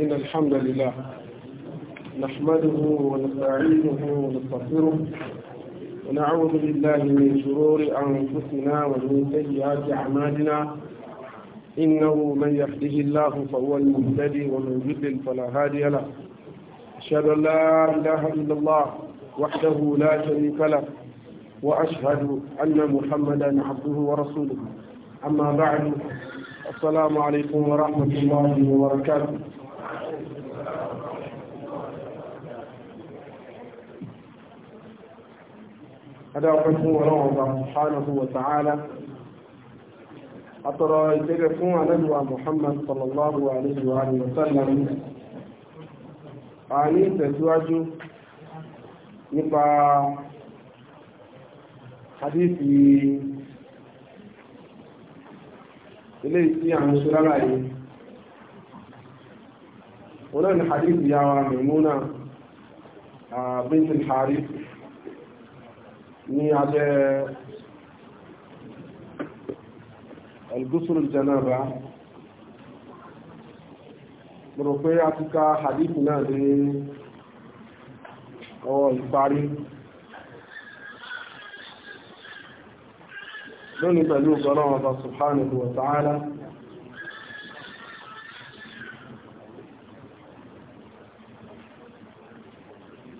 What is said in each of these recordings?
إن الحمد لله نحمده ونستعينه ونستغفره ونعوذ بالله من شرور أنفسنا ومن سيئات أعمالنا إنه من يهده الله فهو المهتدي ومن يضلل فلا هادي له أشهد أن لا إله إلا الله وحده لا شريك له وأشهد أن محمدا عبده ورسوله أما بعد السلام عليكم ورحمة الله وبركاته adáwọ̀pẹ́ fún ọlọ́run ọba subhanahu wa ta'ala àtọ̀rọ̀ ìgbẹ́gẹ́ fún anábíwá Muhammad sallallahu alayhi wa sallam a ní ìtẹ̀síwájú nípa hadithi ilé ìsí àwọn ìṣúrára yìí wọ́n náà ni hadithi yàwà Maimuna ah, bint harith ní abẹ́ al-ghusl al-janaba rò pé a ti ka hadith náà ní ọwọ́ ìparí lónìí pẹ̀lú ọgọ́rọ̀ ọba subhanahu wa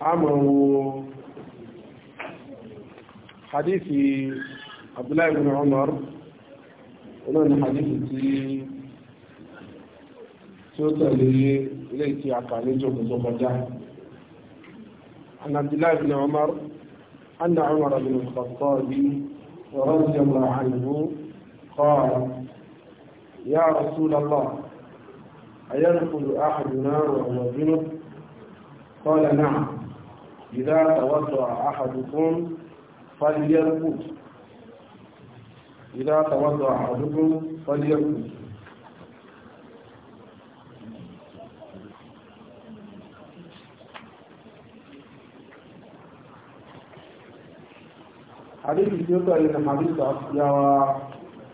a mọ̀ wo حديث عبد الله بن عمر، hadithi tí tí ó tẹ̀lé ilé ìtì àkàlẹ́ عن عبد الله بن عمر أن عمر بن الخطاب رضي الله عنه قال يا رسول الله أيدخل أحدنا وهو جنب قال نعم إذا توضأ أحدكم فليرقد إذا توضع أحدكم فليرقد حديث يوتا إلى حديث أصياء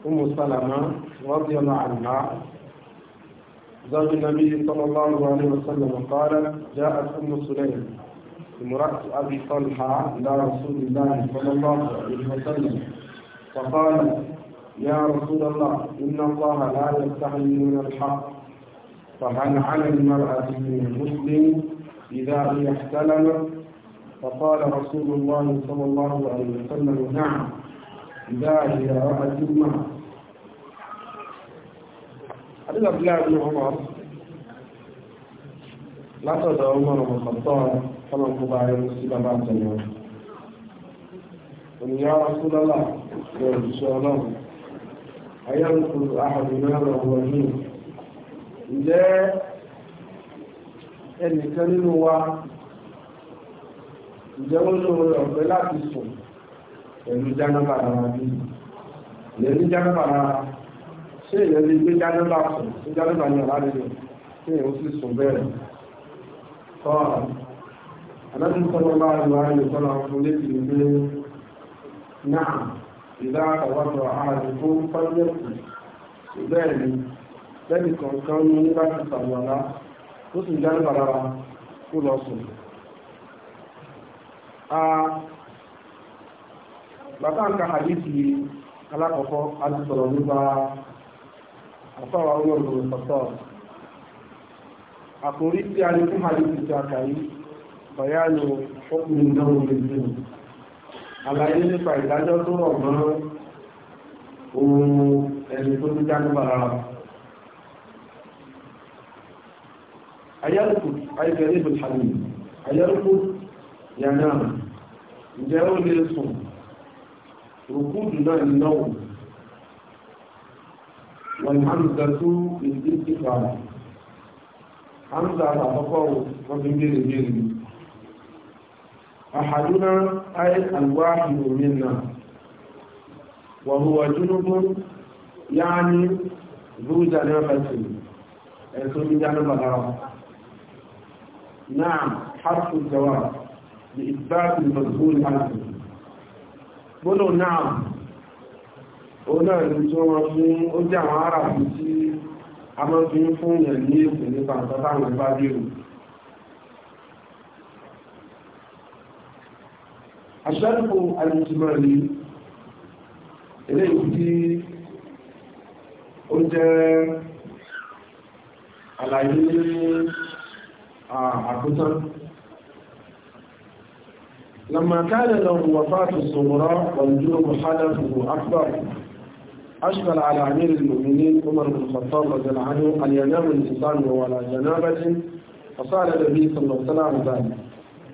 أم سلمة رضي الله عنها زوج النبي صلى الله عليه وسلم قالت جاءت أم سليم امرأة أبي طلحة إلى رسول الله صلى الله عليه وسلم فقال يا رسول الله إن الله لا يستحي من الحق فهل على المرأة من المسلم إذا هي احتلمت فقال رسول الله صلى الله عليه وسلم نعم إذا هي رأت الماء. عبد الله بن عمر látọ̀dọ̀ ọmọ ọ̀pọ̀tọ́ ọlọ́pọ̀pọ̀ ayé sí bàbá àtẹ̀yẹ ònìyà ọ̀sùlọ́lá yọ òṣìṣẹ́ ọlọ́run ayẹ́rùkù ahàbìnrin ọ̀wọ̀ yìí ǹjẹ́ ẹnìkan nínú wa ǹjẹ́ ó lóore ọ̀fẹ́ láti sùn pẹ̀lú bí ṣé gbé sùn sí ó sì sùn bẹ́ẹ̀ قال النبي صلى الله عليه وسلم يقول نعم إذا توضأ أحدكم فليكن bẹ́ẹ̀ni lẹ́nì kọ̀ọ̀kan ní nígbà ti sàmọ̀lá ó sì já nípa rárá kó lọ sùn a bàbá ń ka àdíkì alákọ̀ọ́kọ́ a sọ̀rọ̀ nípa àfáwà orí ọ̀dọ̀ àkórí tí a lè fún àlejò ti àkàyí bàyánù ọkùnrin náà lè dùn àlàyé nípa ìdájọ́ tó rọ̀ mọ́ ohun ẹni tó ti dá nípa ara ayálùkù ìbò tàbí ayálùkù na ǹjẹ́ ó lè sùn rùkúdù náà hamza àtàkọ́kọ́ wọ́n fi gbére gbére ahaduna ayé alwáhi minna wa huwa junubun yaani zuja nafasin ẹ̀sùn ìjánu bàdára نعم حرف الجواب لإثبات المجهول عنه قولوا نعم ó náà ní tí wọ́n fún ó jẹ́ àwọn ará fi a máa fi ń fún yẹn ní èsì nípa nǹkan táwọn ẹgbá bèrò aṣáájú alìsímọ̀ rí eléyìí tí ó jẹ́ àlàyé ní àkútán لما كان له وفاة الصغرى والجنوب حدثه أكبر أشكل على أمير المؤمنين عمر بن الخطاب رضي الله عنه أن ينام الإنسان وهو على جنابة فصار النبي صلى الله عليه وسلم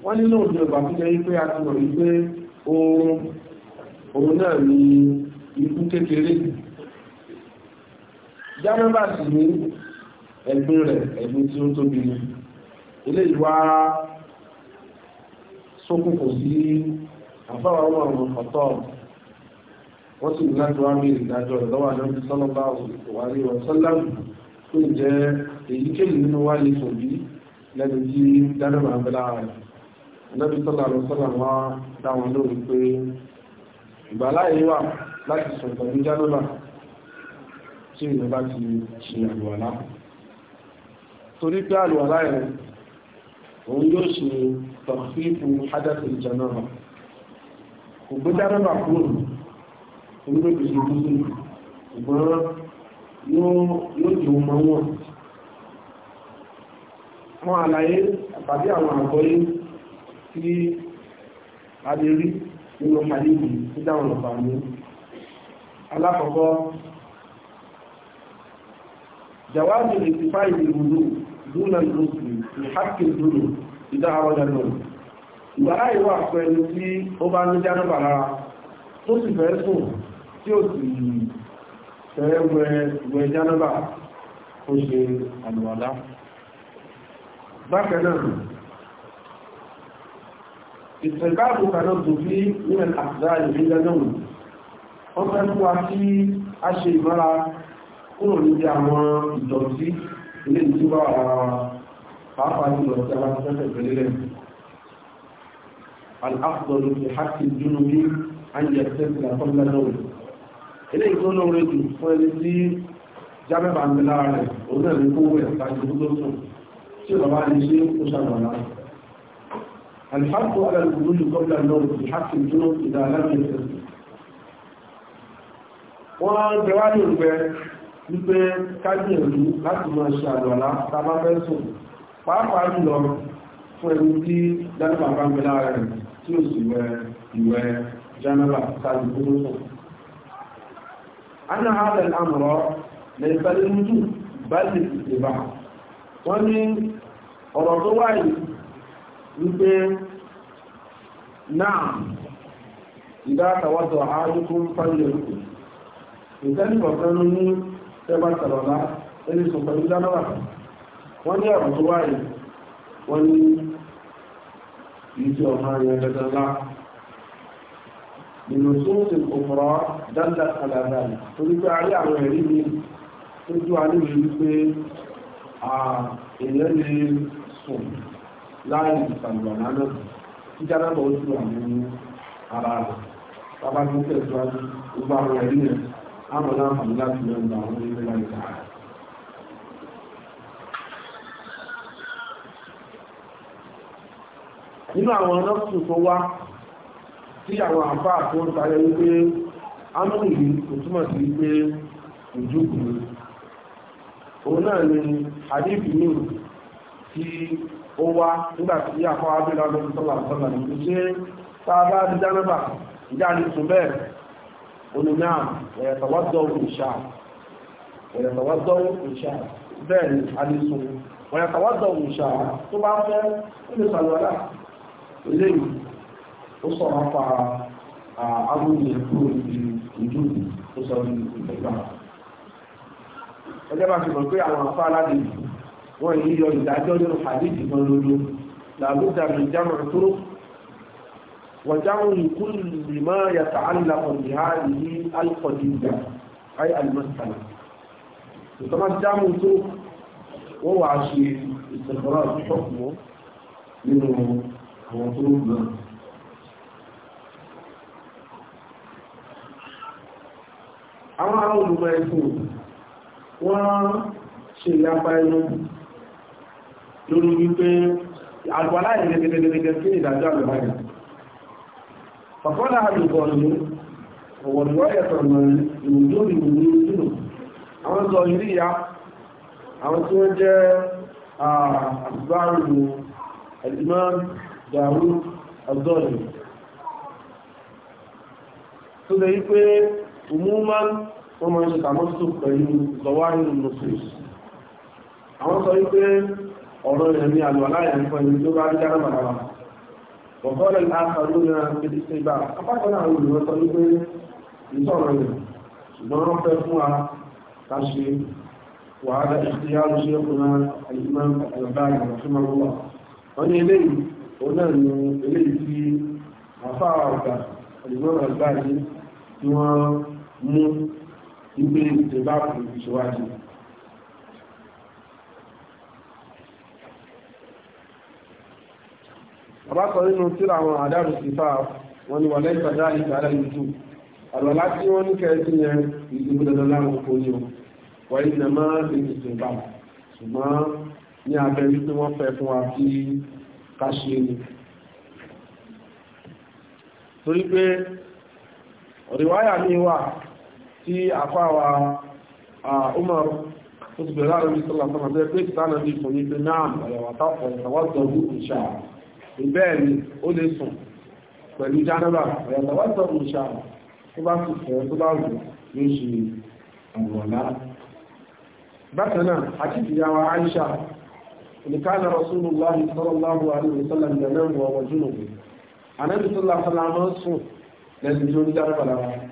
wọ́n ní lóòdì ọba tó jẹ́ wípé a ti mọ̀ wípé òun náà ní ikú kékeré jámẹ́bà sì ní ẹ̀gbin rẹ̀ ẹ̀gbin tí ó tóbi ní ilé ìwá sókùnkùn sí àfáwà ọmọ ọ̀tọ̀ wọ́n sì ní láti wá ní ìdájọ́ ìlọ́wà lọ́dún sọ́lọ́bà òwárí ọ̀sọ́lám tó jẹ́ èyíkéyìí nínú wá ní tòbí lẹ́nu tí dáadáa máa bẹ́lá rẹ̀ lọ́dún sọ́lá lọ́sọ́lá wá dáwọn lórí pé ìgbàláyé wà láti sùn pẹ̀lú jánúbà tí ìlú bá ti ṣe àlùwàlá torí pé àlùwàlá rẹ̀ òun yóò ṣe tọ̀fíìfù hádàtì ìjànàbà kò gbé jánúbà kúrò orílẹ̀-èdè ṣe tó sí ṣùgbọ́n yóò jù mọ́ wọn wọn àlàyé àpàdé àwọn àgbọ́yé tí a lè rí nínú àyíkì tí dáwọn ọ̀pá ní alákọ̀ọ́kọ́ jàwáàdì ìtìfá ìlú dúnà lóṣù ìhàkì dúnà ìdá tó sì fẹ́ sùn tí ó sì fẹ́ wẹ jánàbà ó ṣe àlùwàlá bákan náà ìtẹ̀gbàbù kanáà tó bí nílẹ̀ àdá ìrìnlẹ̀ náà wọ́n fẹ́ fún wa kí a ṣe ìmọ́ra kúrò níbi àwọn ìdọ̀tí ilé ìtúbà pàápàá nílọ̀ tí fẹ́fẹ́ pẹ̀lẹ́rẹ̀ الأفضل في حق الجنوب أن يغتسل قبل eléyìí tó lóore jù fún ẹni tí jábẹ́bà ń bẹ lára rẹ̀ òun náà ní kó wẹ̀ láti tó tó sùn tí bàbá ní ṣe ó ṣàgbọ̀nà alifáàtò alàlùkùnrin gọ́ọ̀lá náà ti hàkì tó ìdá aláàbẹ̀ẹ́sẹ̀ wọ́n bẹ̀wá ní ìgbẹ́ wípé kájẹ̀lú láti mọ̀ ṣe àlọ́lá tàbá mẹ́sùn pàápàá jùlọ fún ẹni tí dáníbà bá ń bẹ rẹ̀ tí ó sì wẹ ìwẹ̀ jẹ́nàlá tàbí gbogbo ana hada al'amura na ìfẹ́lẹ́ mútù bá lè fìdí bá wọ́n ní ọ̀rọ̀ tó wáyé wípé náà ìdátawọ́tọ̀ àádúkún fáyẹ̀ nke ìtẹ́lẹ̀kọ̀ọ́kan ní tẹ́bà tàbàbá ẹni sọ pẹ̀lú dánáwà wọ́n لنصوص أخرى دلت على ذلك torípé ayé àwọn ẹ̀rí ni tó jú a níbi wípé èèyàn lè sùn láì ìsàlùwàlá náà tí jánábọ̀ ojú àwọn ara rẹ̀ bàbá tó tẹ̀síwájú gbogbo àwọn ẹ̀rí rẹ̀ àmọ́ náà hàn láti mẹ́rin àwọn ilé láì dáa nínú àwọn ọlọ́sùn tó wá tí àwọn àbá tó ń tayọ wípé amúnìyí kò túmọ̀ sí wípé ìjókòó ni òun náà ni àdébìnú tí ó wá nígbà tí àkọ́ abúlé ọdún sọ́là sọ́là ní kò ṣe ni tún bẹ́ẹ̀ òní náà ẹ̀yẹ̀tọ̀wọ́dọ̀ òṣà ẹ̀yẹ̀tọ̀wọ́dọ̀ òṣà bẹ́ẹ̀ ni adéṣun ẹ̀yẹ̀tọ̀wọ́dọ̀ òṣà tó bá fẹ́ ó lè sàlùwàlà eléyìí ó sọ̀rọ̀ pa agbóhùn kúrò níbi ìlú ó sọ ní ìgbà ẹjẹ́ bá ti mọ̀ pé àwọn afá aládé wọ́n yìí yọ ìdájọ́ nínú hadithi kan lójú làbúdà mi jámọ̀ tó wàjámọ̀ ìkúlù lèmọ́ yàtà alìlàpọ̀ ní ha ìlú alìkọ̀dìjà ayé alìmọ̀sálà ìtọ́mọ̀ jámọ̀ tó wọ́n wàá ṣe ìtẹ̀kọ́rọ̀ ìṣọ́kùnmọ́ nínú àwọn tó ń àwọn ará olùmọ̀ ẹ̀sùn wọ́n ṣe ìyapa ẹnu lórí wípé àgbàlá ìrẹ́gẹ́gẹ́gẹ́gẹ́ sí ìdájọ́ àgbàlá fàkọ́lá àgbẹ̀kọ́ ni ọ̀wọ̀dúwọ́ ẹ̀sọ̀ ìrùjó ìrùjó ìrùjó àwọn sọ ilé ya àwọn tí wọ́n jẹ́ àgbàrùn ẹ̀dìmọ́ dàrú ọ̀dọ́ọ̀lù tó lè yí pé umuman wọ́n mọ̀ ṣe tàmọ́sù pẹ̀lú lọ́wọ́rin nùsùs àwọn sọ wípé ọ̀rọ̀ ìrẹ̀mí àlùwàláyà ń pẹ̀lú tó bá rí dára màdàwà ọ̀gọ́rẹ̀ láàkàrú ní àpèdè sí ibà apákan àwọn olùrọ̀ sọ wípé ìtọ̀rọ̀ rẹ̀ ṣùgbọ́n wọ́n fẹ́ fún wa ká ni eléyìí tí àfáà ọ̀gá àìsímọ́ àgbà yìí tí mú ìgbé ìjọba fún ìṣíwájú àbákọ̀ nínú tíra àwọn àdáàrù sífà wọn ni wà lẹ́yìn tàdá ìtàdá ìjú àlọ́lá tí wọ́n ní kẹ́ẹ̀sí yẹn ìdìbò dandan láwọn kò o wà ní nà máa ń fi ìsìnká ṣùgbọ́n ní abẹ́ wípé wọ́n fẹ́ fún wa kí ká ṣe ni torí pé ọ̀rẹ́wáyà mi wà tí àfáwà Umar ó ti bẹ̀rẹ̀ àrùn ìsọ́lá sọ́nà bẹ́ẹ̀ pé ìtànà bí fún ní pé náà àyàwàtà ọ̀tàwàtọ̀rù ìṣà ìbẹ́ẹ̀ ni ó lè sùn pẹ̀lú jánàbà àyàtàwàtọ̀rù ìṣà tó bá sì fẹ́ tó bá wù ní ṣe àwọ̀lá bákanáà àti Rasulullah sallallahu alaihi wasallam da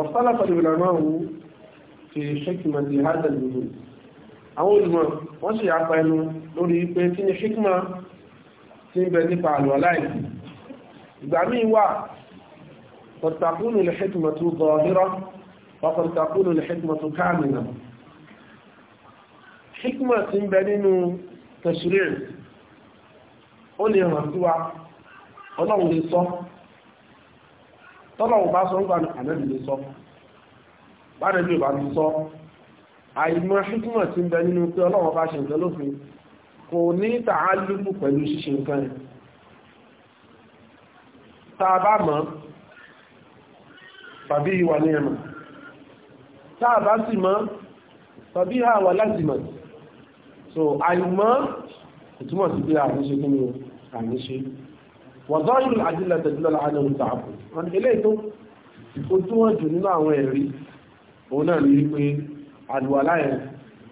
واختلف العلماء في حكمة هذا الوجود àwọn olùmọ̀ wọ́n sì yàpa ẹnu lórí pé kí ni hikma ti ń bẹ nípa àlọ́ láì ìgbà míì wà pọ̀tàkùnù lè hikma tó gọ̀ ọ̀hírọ́ pọ̀tàkùnù lè hikma tó káàmìnà hikma ti ń bẹ nínú tẹ̀sírẹ̀ ó lè hàn sí wa ọlọ́run lè sọ tọ́lọ̀ ò bá sọ ń gbà ànábì lè sọ bánàbí ò bá ti sọ àìmọ̀ ṣíkúmọ̀ tí ń bẹ nínú pé ọlọ́wọ́ bá ṣe nǹkan lófin kò ní tààlùkù pẹ̀lú ṣíṣe nǹkan ẹ̀ tá a bá mọ̀ tàbí ìwà ní a bá sì mọ̀ tàbí àwà láti mọ̀ so àìmọ̀ ìtumọ̀ wàzáyìí àdílà tẹ̀sílẹ̀ láàrin òun tààbù wọn ilé tó ojúwọ́n jù nínú àwọn ẹ̀rí òun náà rí pé àdùwàlá ẹ̀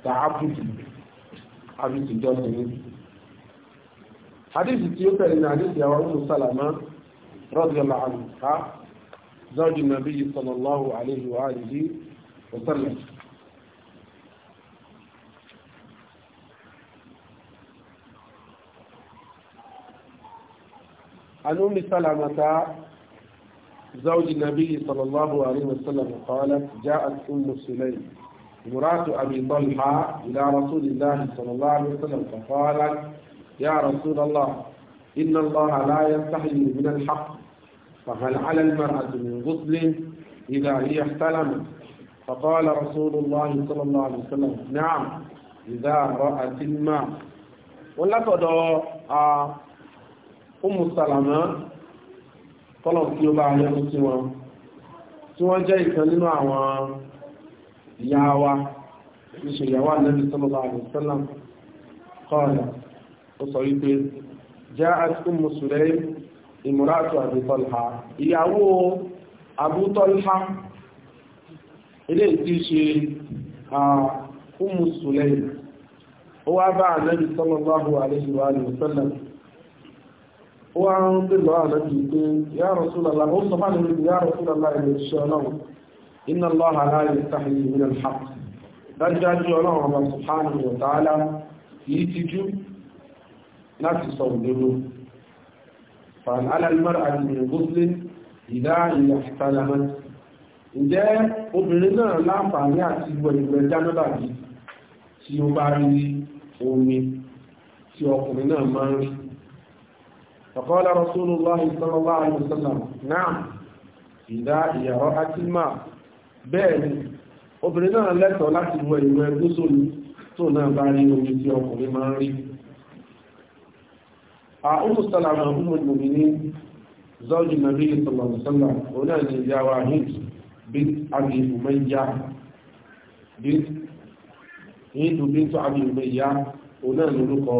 tààbù àbìsì jọ́sìn ní hadisi tí ó pẹ̀lú ní hadisi àwọn ọmọ sálàmá rọ́dìọ̀lá àrùká zọ́jù nàbí sallallahu alaihi wa alihi عن أم سلمة زوج النبي صلى الله عليه وسلم قالت جاءت أم سليم مرات أبي طلحة إلى رسول الله صلى الله عليه وسلم فقالت يا رسول الله إن الله لا يستحي من الحق فهل على المرأة من غسل إذا هي احتلمت فقال رسول الله صلى الله عليه وسلم نعم إذا رأت الماء ولقد آه Umu Salama tọ́lọ̀ tí ó bá yẹ́nu sí wọn tí wọ́n jẹ́ ìkan nínú àwọn ìyá wa ní ṣe ìyàwó Ànábì sallallahu alaihi wasallam kọ́ọ̀lá ó sọ wípé ja'at Ummu Sulaym ìmúrátù Abi Talha ìyàwó Abu Talha ilé tí ṣe ó wá bá Ànábì sallallahu alaihi wasallam ó wá ń pè lọ́wọ́ àlọ́jì pé ya Rasulullah ó sọ fún àlejò ya Rasulullah ilẹ̀ iṣẹ́ ọlọ́run inna Allaha la yastahi min al-haqq dájúdájú ọlọ́run ọba subhanahu wa ta'ala kìí tijú láti sọ òdodo fan alalmar فقال رسول الله صلى الله عليه وسلم نعم إذا يرأت الماء bẹ́ẹ̀ni obìnrin náà lẹ́tọ̀ọ́ láti wọ ìwẹ̀ gúúsùlù tó náà bá rí omi tí ọkùnrin máa ń rí àúmù sálàmà ọmọ ìgbòmí ní zọ́ọ̀jì nàbí sọ̀lọ̀sọ́lọ̀ oní àti ìyàwó ahìd bí àbí ìmọ̀yá bí ìdù bí tó àbí ìmọ̀yá oní àti orúkọ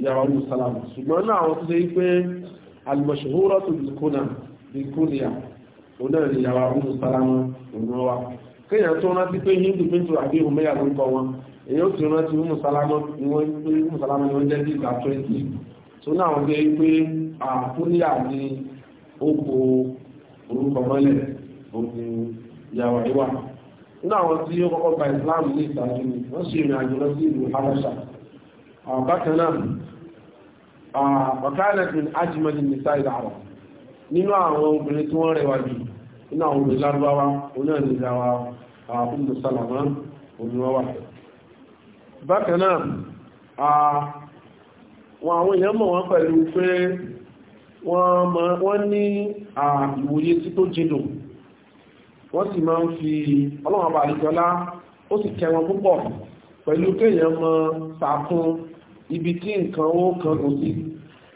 ìyàwó musalam ṣùgbọ́n náà àwọn tó ṣe pé alimọ̀ṣòhóró tó bìkúnà bìkúnìyà òun náà ìyàwó musalam òun wa kéèyàn tó rántí pé hindu pinto àbí omeya ló ń kọ wọn èyí ó ti rántí musalama ni wọ́n pé musalama ni wọ́n jẹ́ bí ìgbà twenty tó náà wọ́n jẹ́ pé àkúnìyà ni ó kó orúkọ mọ́lẹ̀ òun ìyàwó ìwà tí ó kọ́kọ́ gba Islam ní ìtàjú wọ́n ṣe ìrìn àjò lọ sí ìlú Habasha bákan náà ọ̀kánàfin ajimalin nisa ìlàrọ̀ nínú àwọn obìnrin tí wọ́n rẹwà jù nínú àwọn obìnrin lárúbáwá onáàlẹ́gbàwá Ummu Salama olùwọ́wà bákan náà wọn àwọn èèyàn mọ̀ wọ́n pẹ̀lú pé wọ́n ní ìwòye tí tó jìnnà wọ́n sì máa ń fi ọlọ́wọ́n bá ó sì kẹwọn púpọ̀ pẹ̀lú kéèyàn mọ sàkún ibi tí nǹkan ó kan kò sí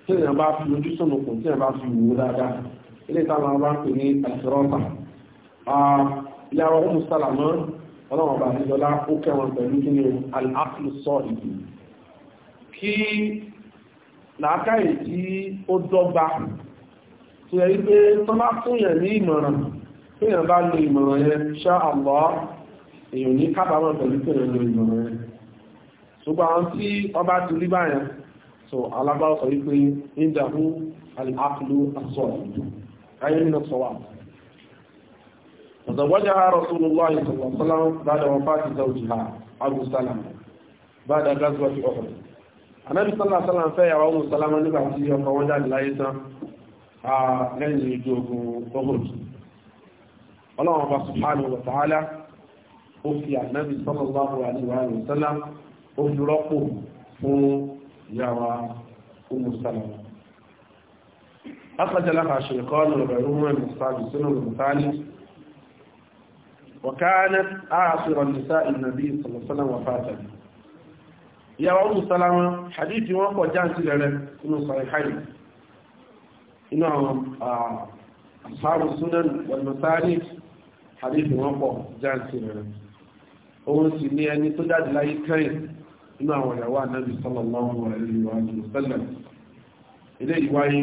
tí èèyàn bá fi ojú sọ̀nù kù tí èèyàn bá fi wò dáadáa ilé ìtàwọn bá ń pè ní àṣírọ́ta ìyàwó ọmọ sálàmọ́ ọlọ́wọ̀n bá nílọ́lá ó kẹwọn pẹ̀lú kí ni aláàfin sọ ìdí kí làákàyè tí ó dọ́gba tó yẹ wípé tán bá fúnyàn ní ìmọ̀ràn fúnyàn bá lo ìmọ̀ràn yẹn ṣá àlọ́ èèyàn ní kábàámọ̀ pẹ̀lú pẹ̀lú ìmọ̀ràn yẹn ṣùgbọ́n àwọn tí wọ́n bá rí báyẹn so alábáwọ̀ sọ wípé ìdàmú aláàkùlù asọ́ọ̀ ayé nínú sọ́wà وزوجها رسول الله صلى الله عليه وسلم بعد وفاة زوجها أبو سلمة بعد غزوة أحد النبي صلى الله عليه وسلم fẹ́ أبو سلمة nígbà tí ọkọ wọn jáde láyé tán lẹ́yìn ìjọ ogun Uhud Ọlọ́run olùrọ́pò fún ìyàwó olùsàlẹ̀. Afẹ́jẹ́ lára ṣèkọ́ lọ́rọ̀ ìrúnmọ̀ ìmùsàlù sínú ìmùsàlù. Wọ̀kánẹ́ ààfihàn nìsá ìnàbí ìsọ̀lọ̀sọ́nà wà fàájẹ̀. Ìyàwó olùsàlámà, hadithi wọ́n pọ̀ jáǹtì rẹ̀ inú sọ̀rọ̀ inú àwọn àṣàrù súnan wàlùmọ̀sáàrí hadithi wọ́n pọ̀ jáǹtì rẹ̀. Òun sì ní ẹni tó nínú àwọn ìyàwó ànábì sallallahu alaihi wa sallam ilé ìwáyé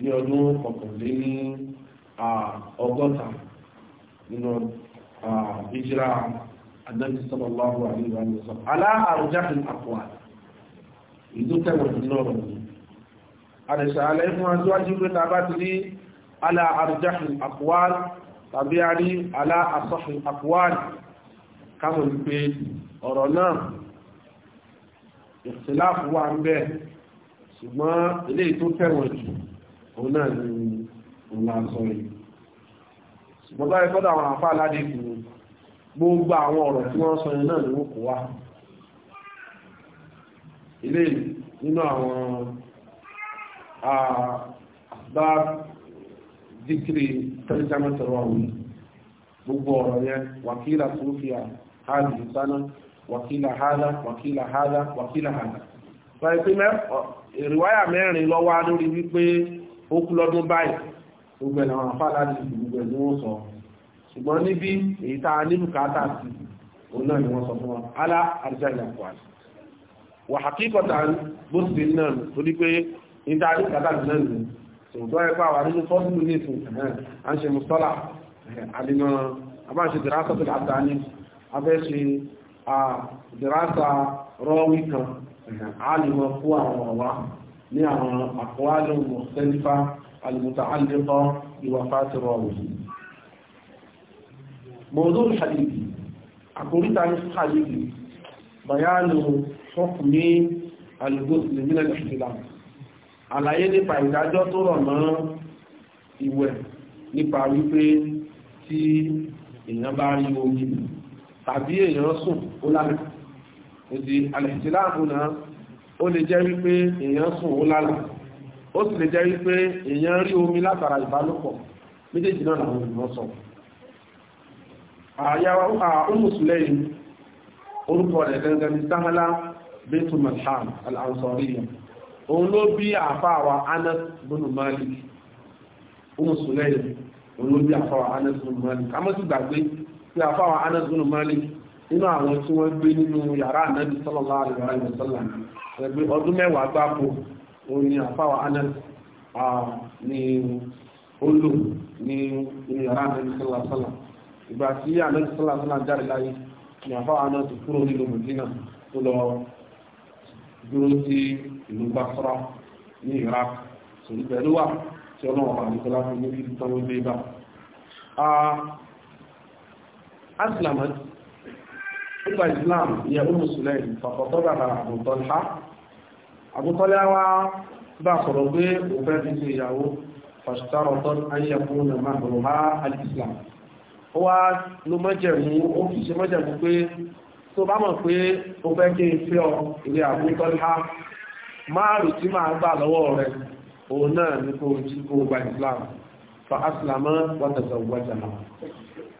ní ọdún kọkànlé ní ọgọ́ta nínú ìjírá ànábì sallallahu alaihi wa sallam aláàrùjáfin àpọ̀wà ìlú tẹ́wọ̀n nínú ọ̀rọ̀ yìí àrẹ̀ṣà alẹ́ fún aṣíwájú pé ta bá ìṣẹ́láàfù wà ń bẹ ṣùgbọ́n ilé tó tẹ̀wọ̀n jù òun náà ni òun àṣọ yìí ṣùgbọ́n báyìí kọ́dọ̀ àwọn àfáà aládé kù gbogbo àwọn ọ̀rọ̀ tí wọ́n sọ yẹn náà ni wọ́n kó wá ilé nínú àwọn bá díkiri tẹ́lẹ̀jámẹ́tẹ̀rọ àwọn gbogbo ọ̀rọ̀ yẹn wàkílà tó fi àhàlì ìsáná wàkílà hádá wàkílà hádá wàkílà hádá wọ́n ti mẹ́ ìrìwáyà mẹ́rin lọ́wọ́ lórí wípé ó kú lọ́dún báyìí gbogbo ẹ̀nà àwọn afárá ní gbogbo ẹ̀ ni wọ́n sọ ṣùgbọ́n níbi èyí tá a ní bùkátà sí òun náà ni wọ́n sọ fún wọn alá àrùjá ìlà dìrásà rọ́wí kan alìmọ̀ fún àwọn ọ̀wá ní àwọn àkọwálẹ̀ mọ̀sẹ́lífà alìmọ̀ta alìkọ́ ìwàfà ti rọ̀wì mọ̀dún hadithi àkóríta ní hadithi bayanu fọ́kùnmí alìgbòsìlẹ̀ nílẹ̀ ìṣẹ̀lá àlàyé nípa ìdájọ́ tó rọ̀ tàbí èèyàn sùn ó lálà ìdí alẹ́sìláàmù náà ó lè jẹ́ wípé èèyàn sùn ó lálà ó sì lè jẹ́ wípé èèyàn rí omi látara ìbálòpọ̀ méjèèjì náà làwọn èèyàn sọ àyàwó àmùsùlẹ́yìn orúkọ rẹ̀ gangan ní sáhálà bẹ́tù malham al-ansariya òun ló bí àfáàwà anas bin malik ọmọ sùlẹ́yìn òun ló bí àfáàwà anas bin malik amọ́sùgbàgbé tí a fáwọn anazunu malik nínú àwọn tí wọ́n gbé nínú yàrá ànábi sallallahu alaihi wa sallam ẹgbẹ́ ọdún mẹ́wàá gbáko òun ni àfáwọn anas ní olù ní inú yàrá ànábi sallallahu alaihi wa sallam ìgbà tí ànábi sallallahu alaihi wa sallam jáde láyé ni àfáwọn anas kúrò nínú Mẹdínà tó lọ dúró aslamat nípa islam yẹ ó mùsùlẹ̀ fàkọ̀tọ́ bàbà àbùtọ́lá àbùtọ́lá wá bá sọ̀rọ̀ pé òfẹ́ fi ṣe ìyàwó fàṣítàrọ̀tọ́ ayẹkùn màbùrùhá alìsìlám ó wá ló mọ́jẹ̀mú ó fi ṣe mọ́jẹ̀mú pé tó bá mọ̀ pé ó fẹ́ kí n fẹ́ ọ ilé àbútọ́lá márùn tí máa gbà lọ́wọ́ rẹ̀ òun náà ní kó gbà islam fa aslama wọ́n tẹ̀sọ̀ wọ́n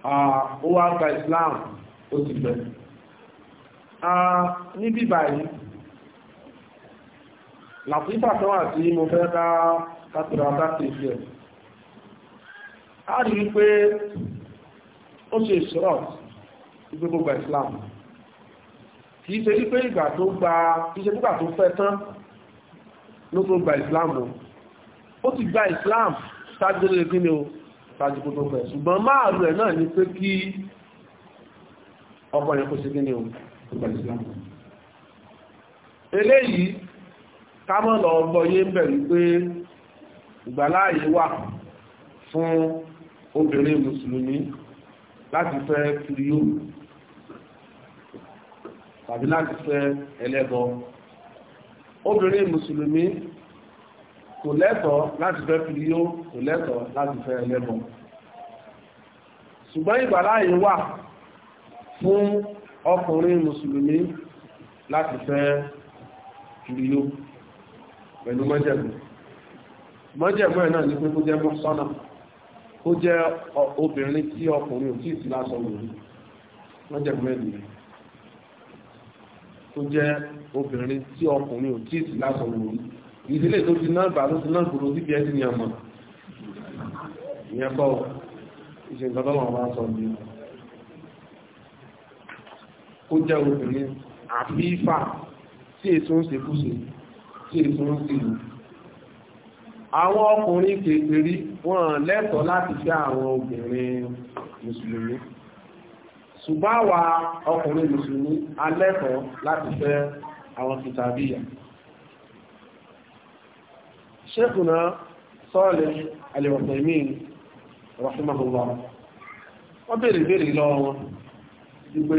ó wá gba Islam ó ti bẹ̀. níbí báyìí làtífà kan wà tí mo fẹ́ ká kátìrà láti fi a rí i pé ó ṣe ìṣọ́rọ̀ ìgbé gbogbo Islam kìí ṣe wípé ìgbà tó gba kìí ṣe púpà tó fẹ́ tán ló tó gba Islam o ó ti gba Islam ṣáájú lórí kí ni o ṣáájú kó tó fẹ́ ṣùgbọ́n máàrù ẹ̀ náà ni pé kí ọkọ yẹn kó ṣe kí ni o eléyìí kámọ́ lọ ọgbọ́ yé ń bẹ̀ wípé ìgbàláàyè wà fún obìnrin mùsùlùmí láti fẹ́ kìrìyó tàbí láti fẹ́ ẹlẹ́bọ obìnrin mùsùlùmí kò lẹ́tọ̀ọ́ láti fẹ́ fi yó kò lẹ́tọ̀ọ́ láti fẹ́ ẹlẹ́bọ ṣùgbọ́n ìgbàláyé wà fún ọkùnrin mùsùlùmí láti fẹ́ kiri yó pẹ̀lú mọ́jẹ̀mú mọ́jẹ̀mú ẹ̀ náà ní pé kó jẹ́ mọ́sánà kó jẹ́ obìnrin tí ọkùnrin ò tí ìsìlá sọ lórí mọ́jẹ̀mú ẹ̀ nìyẹn tó jẹ́ obìnrin tí ọkùnrin ò tí ìsìlá sọ lórí ìdílé tó ti náà bà ti náà gbòrò sí ẹ̀sìn ni ọmọ ìyẹn kọ́ ìṣe nǹkan tó lọ́wọ́ máa sọ ní ó jẹ́ obìnrin àfífà tí èso ń ṣekúṣe tí èso ń ṣèlú àwọn ọkùnrin kékeré wọ́n lẹ́tọ̀ọ́ láti fẹ́ àwọn obìnrin mùsùlùmí ṣùgbọ́n àwa ọkùnrin mùsùlùmí alẹ́tọ̀ọ́ láti fẹ́ àwọn kìtàbíyà شيخنا صالح الوطيمين رحمه الله wọ́n bèèrè bèèrè lọ́wọ́ wọn ìgbè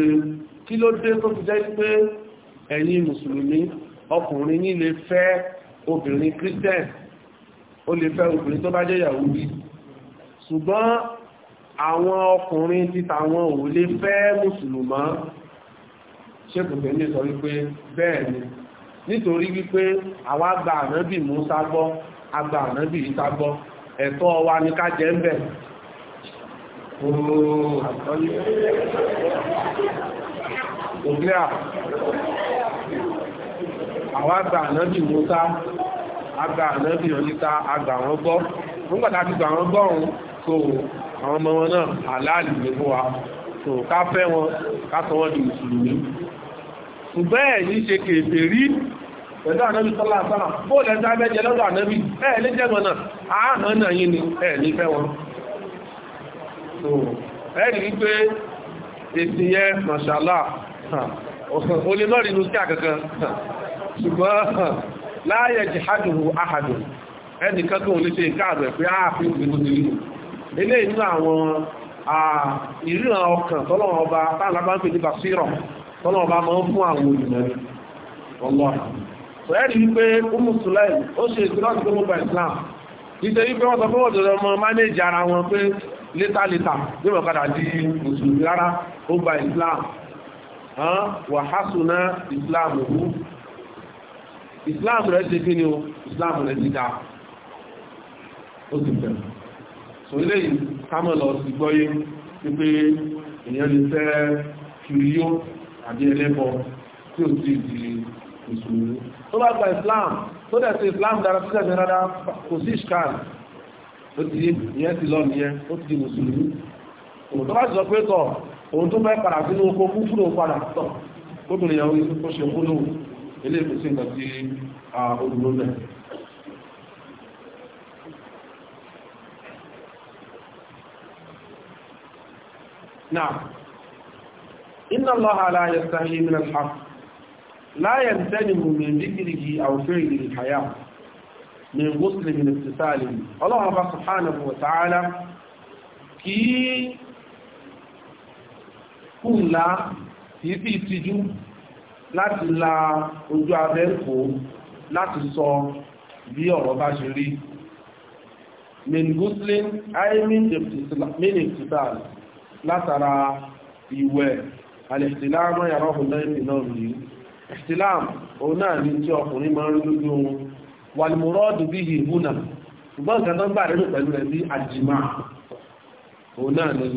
kí ló dé tó fi jẹ́ pé ẹ̀yin mùsùlùmí ọkùnrin yìí lè fẹ́ obìnrin christian ó lè fẹ́ obìnrin tó bá jẹ́ yahudi ṣùgbọ́n àwọn ọkùnrin ti tàwọn ò lè fẹ́ mùsùlùmọ́ ṣe kò tẹ́lẹ̀ sọ wípé bẹ́ẹ̀ ni nítorí wípé àwa gba ànábì Mùsá gbọ́ agba ànábì Ìsá gbọ́ ẹ̀tọ́ wa ni ká jẹ ń bẹ̀ ògbéà àwa gba ànábì Mùsá agba ànábì Ìsá agba wọn gbọ́ nígbàtà ti gbà wọn gbọ́ òun so àwọn ọmọ wọn náà àláàlì lè fún wa so ká fẹ́ wọn ká sọ wọ́n di mùsùlùmí ṣùgbọ́n ẹ̀ ní ṣe kèfè rí pẹ̀lú ànábì sọ́lá sọ́lá bóòlù ẹ̀ta abẹ́jẹ lọ́dọ̀ ànábì ẹ̀ ní jẹ́ mọ̀nà yìí ni ẹ̀ ní fẹ́ wọn ẹ̀ ah, ní wípé ha yẹn màṣàlá sí ha ṣùgbọ́n láàyè jihadùhù ahadù ọba tọ́lọ̀ bá mọ́ fún àwọn olùmọ̀ ọlọ́run tó ẹ́rì wípé umu sulaim ó ṣe ìgbìlọ́sì tó mú bá islam nítorí wípé wọ́n sọ fún ọ̀dọ̀dọ̀ ọmọ mánéjì ara wọn pé létà létà bí wọ́n padà di mùsùlùmí rárá ó gba islam wàhásùnà islam òwú islam rẹ̀ ti kí o islam rẹ̀ ti dá ó ti bẹ̀rẹ̀ so eléyìí ká mọ̀ lọ sí gbọ́yé wípé èèyàn lè fẹ́ kiri àbí ẹlẹ́bọ tí ó ti di mùsùlùmí tó bá gba islam tó dẹ̀ sí islam dára sí ẹ̀sìn rárá kò sí ṣkàn ó ti ìyẹn ti lọ nìyẹn ó ti di mùsùlùmí tó bá sọ pé tọ̀ òun tó fẹ́ padà sínú oko kúkúrò padà tọ̀ kóbìnrin yàwó yìí kó ṣe kúlò ilé ìpèsè nǹkan tí olùdó bẹ̀. Now, inna allaha la yastahi min al-haq la yantanimu min dhikrihi aw fi'li al-haya min ghusl min ittisal Allah ba subhanahu wa ta'ala kí kula ti ti tìjú láti la ojú abẹ́ ko láti sọ bí ọ̀rọ̀ bá ṣe rí min ghusl ay min ittisal látara ìwẹ̀ alìsìláàmù yàrá ọkùnrin lẹ́yìn náà rí ìsìláàmù òun náà ní tí ọkùnrin máa ń rí lójú wọn wàlùmọ́rọ́dù bí i ìhúnà ṣùgbọ́n nǹkan tó ń gbà nínú pẹ̀lú rẹ̀ bí àjìmá òun náà ní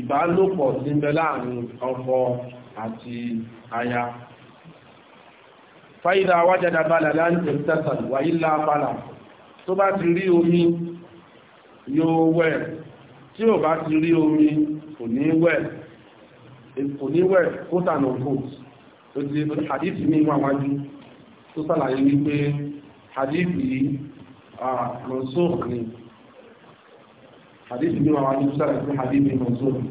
ìbálòpọ̀ tí ń bẹ láàrin ọkọ àti aya fáyidà wájádà balà láti ẹ̀tẹ́sàn wáyé láàbàlà tó bá ti rí omi yóò wẹ̀ tí ò bá ti rí omi kò ní wẹ̀ kò ní wẹ̀ coat and coat tó ti hadith ní ìwọ̀n àwájú tó sàlàyé wípé hadith yìí mansukh ni hadith ní ìwọ̀n àwájú tó sàlàyé wípé hadith yìí mansukh ni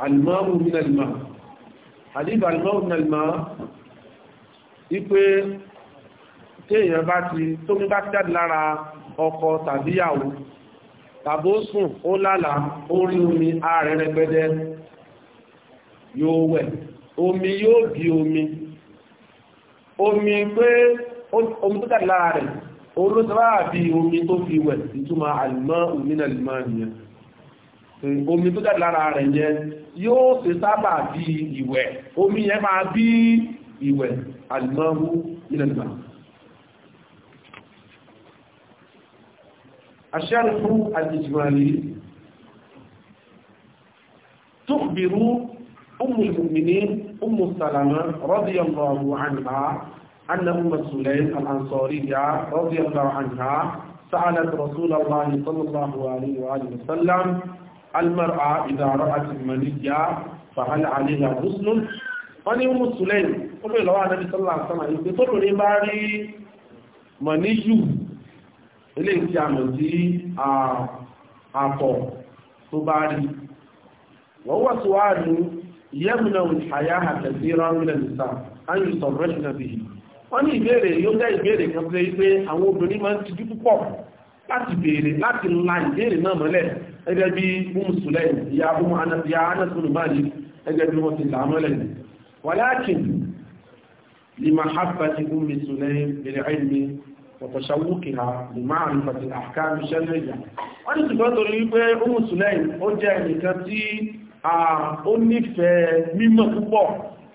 alimamu min alima hadith alimamu min alima wípé téèyàn bá ti tómi bá jáde lára ọkọ tàbíyàwó tàbó sùn ó lálàá ó rí omi ààrẹ rẹpẹtẹ yóò wẹ̀ omi yóò bí omi omi pé omi tó dà lára rẹ̀ olóṣèlú àbí omi tó fi wẹ̀ ìtumọ̀ àlùmọ́ òmìnà lùmọ́ nìyẹn omi tó dà lára rẹ̀ yẹn yóò ṣe sábà bí ìwẹ̀ omi yẹn máa bí ìwẹ̀ àlùmọ́ òmìnà lùmọ́ الشرح الإجمالي تخبر أم المؤمنين أم سلمة رضي الله عنها أن أم سليم الأنصارية رضي الله عنها سألت رسول الله صلى الله عليه وآله وسلم المرأة إذا رأت المنية فهل عليها غسل wọ́n أم ọmọ sùlẹ̀ ọmọ ìlọ́wọ́ àdábí sọ́lá àtàmà ìpé tó lórí bá rí mọ̀níyù ilé ìtí àmọ̀ sí àpọ̀ tó yẹ́mùnà ìhàyà àtẹ̀sí ránúlẹ̀ nìta wọ́n ní ìbéèrè yóò jẹ́ ìbéèrè kan pé pé àwọn obìnrin máa ń tijú púpọ̀ láti béèrè láti la ìbéèrè náà mọ́lẹ̀ ẹgbẹ́ bí ya wa tashawuqiha li ó nífẹ̀ẹ́ mímọ̀ púpọ̀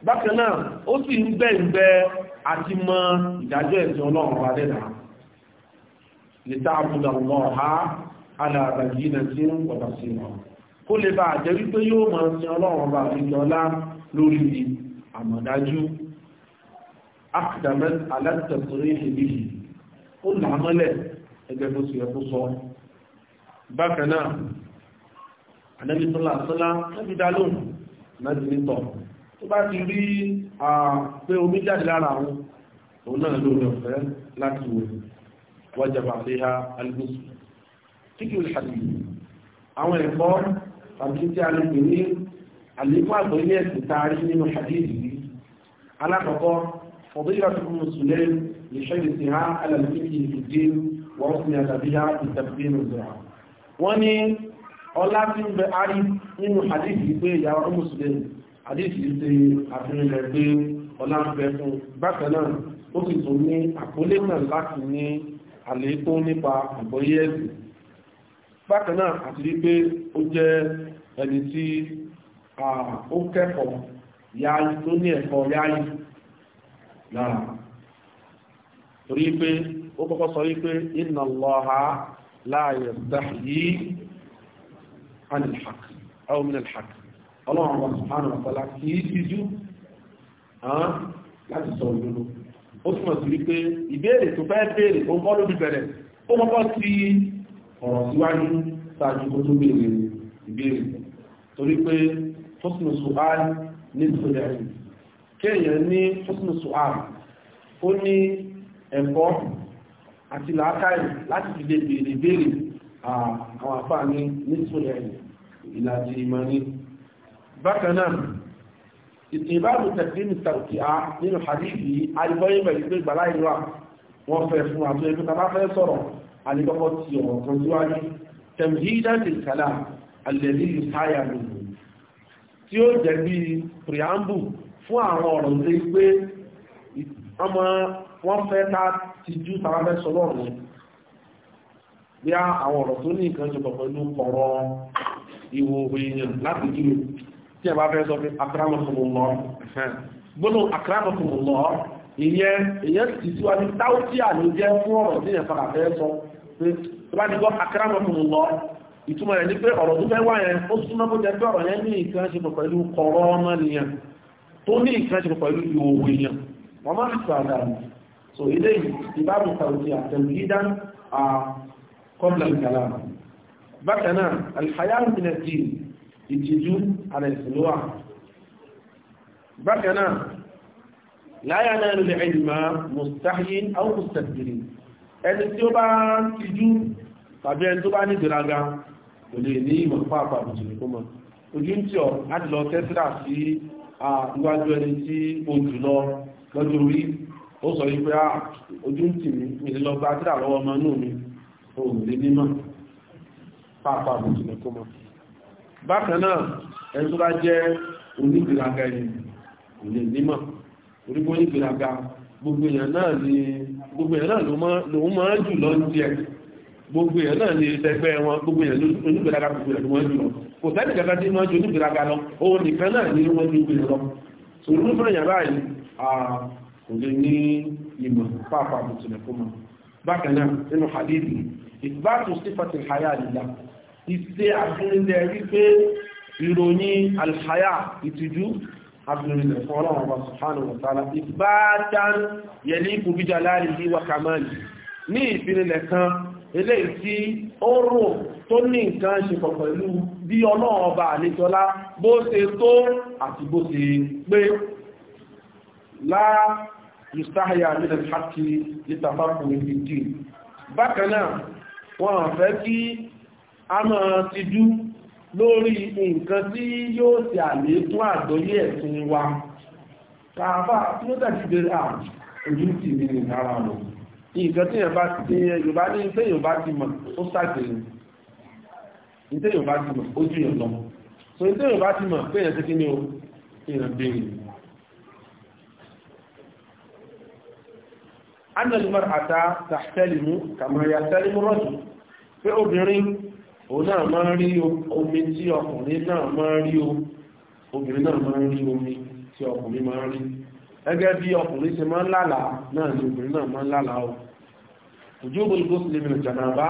bákan náà ó sì ń bẹ́ ń bẹ́ àti mọ ìdájọ́ ẹ̀sìn ọlọ́run wa dẹ́dà lè tá àbúdà wọn ha alàbàjì náà tí ń pọ̀tà sí wọn kó lè bá àjẹ́ wípé yóò mọ̀ sí ọlọ́run bá àfihàn ọlá lórí àmọ̀dájú akadàmẹ́ ànábì sọ́lá sọ́lá lẹ́bí dá lóhùn láti ní tọ̀ tó bá ti rí pé omi jáde lára àwọn òun náà lórí ọ̀fẹ́ láti wò wájàbà àléhà alìgbòsù kíkì òṣàdì àwọn ẹ̀kọ́ tàbí tí a lè pè ní àlékún àgbọ̀ ilé ẹ̀sìn ọlá tí ń bẹ arí nínú àdíṣì pé ìyàwó mùsùlùmí àdíṣì ṣe àfihàn rẹ̀ pé ọlá ń bẹ fún bákan ó sì tún ní àkólé náà láti ní àlékún nípa àgbọ́yé ẹ̀sìn bákan àti rí pé ó jẹ́ ẹni tí ó kẹ́kọ̀ọ́ yáyí tó ní ẹ̀kọ́ yáyí torí pé ó kọ́kọ́ sọ wípé anil haq aw min al haq ọlọ́run wa subhanahu wa ta'ala kì í tijú láti sọ òdodo ó túmọ̀ sí wípé ìbéèrè tó fẹ́ béèrè ó ń kọ́ lóbi bẹ̀rẹ̀ ó kọ́kọ́ sí ọ̀rọ̀ síwájú ṣáájú kó tó béèrè ìbéèrè torí pé husnu su'al ní ìsọ̀rọ̀ ẹ̀yìn kéèyàn ní husnu su'al ó ní ẹ̀kọ́ àti làákàyè láti fi lè béèrè béèrè àwọn àfáà ní ìsọ̀rọ̀ ẹ̀yìn ìlàjì ìmọ̀ni bákanáà ìtìbáàbù tẹ̀sílì tàbí a nínú hadithi alìbọ́yé pẹ̀lú pé gbàlá ìlú à wọ́n fẹ́ fún àtúnyẹ pé tàbá fẹ́ sọ̀rọ̀ alìkọ́kọ́ ti ọ̀rọ̀ kan síwájú tẹ̀míhídá ti kàlá alẹ́lẹ́ ìsáyà nìyí tí ó jẹ́ bí preamble fún àwọn ọ̀rọ̀ tó ní nǹkan pẹ̀lú ọ̀rọ̀ ìwò èèyàn láti jùlọ tí a bá fẹ́ sọ pé akramọ̀kùnmọ̀ gbọ́nà akramọ̀kùnmọ̀ ìyẹn èyàn ti síwájú táwọ́tíà ló jẹ́ fún ọ̀rọ̀ tí èyàn fara fẹ́ sọ pé tó bá ti gbọ́ akramọ̀kùnmọ̀ ìtumọ̀ rẹ̀ ní pé ọ̀rọ̀ tó fẹ́ wá yẹn ó súnmọ́ bó jẹ́ pé ọ̀rọ̀ yẹn ní nǹkan ṣe pọ̀ pẹ̀lú kọ̀rọ̀ ọmọ nìyẹn tó ní nǹkan ṣe pẹ̀lú ìwòwò èèyàn wọ́n máa sọ àdàmù so ilé ìbámu tàbí àtẹ̀lú yídá kọ́bùlà ìkàlámù bákanáà alhaya minati ìtìjú àrẹ̀sìlúwà bákanáà láyà náà lè ẹ̀yìnmá mustahin aw mustakbirin ẹni tí ó bá tìjú tàbí ẹni tó bá ní ìdìraga kò lè ní ìmọ̀ pàápàá bùtùnì kó mọ̀ ojú ń tí ọ láti lọ tẹ́sílà sí iwájú ẹni tí ó jù lọ lọ́jọ́ orí ó sọ yí ojú ń tì mí mi lè lọ ọmọ inú mi ò lè nímọ̀ pàápàá bó tilẹ̀ kó mọ́ bákan náà ẹni tó bá jẹ́ onígbìlága ẹni kò lè nímọ̀ orígbó onígbìlága gbogbo èèyàn náà ni gbogbo èèyàn náà lòun máa ń jù lọ ní tiẹ̀ gbogbo èèyàn náà ni ẹgbẹ́ wọn gbogbo èèyàn onígbìlága gbogbo èèyàn ló wọ́n jù lọ kò sẹ́ni kankan tí wọ́n ju onígbìlága ni wọ́n ju gbìyànjú lọ sòrò fún èèyàn báyìí kò lè ní ìmọ̀ pàápàá bó tilẹ̀ kó mọ́ bákan náà nínú hadithi ìbátò ìṣe àfihànlẹ̀ wípé ìròyìn alhaya ìtìjú àfihànlẹ̀ fún ọlọ́run ọba subhanahu wa ta'ala ìbátan yẹ̀lí ìkùbíjà láàrin bí wa kamali ní ìfihànlẹ̀ kan eléyìí tí ó rò tó ní nǹkan ṣe pọ̀ bí ọlọ́run ọba àlejọ́lá bó ṣe tó àti bó ṣe pé la yustahya min al-haqqi lítàfàkùnrin bíi dì a máa ti dú lórí nǹkan tí yóò ṣe àlékún àgbọ́yé ẹ̀sìn wa kàáfà tí ó tàbí bẹ̀rẹ̀ àrùn ti ní ìdára lọ nǹkan tí yorùbá ti yorùbá ní pé yorùbá ti mọ̀ ó ṣàgbèrè ìtẹ́ yorùbá ti mọ̀ ó jù yàn lọ so ìtẹ́ yorùbá ti mọ̀ pé èèyàn ti kí ni o èèyàn bèèrè annal mar'ata tahtalimu kama yahtalimu rajul pé obìnrin òun náà máa ń rí omi tí ọkùnrin náà máa ń rí o obìnrin náà máa ń rí omi tí ọkùnrin máa ń rí gẹ́gẹ́ bí ọkùnrin ṣe máa ń lálàá náà ni obìnrin náà máa ń lálàá o ojúbò ló sì lè mìíràn jànàbá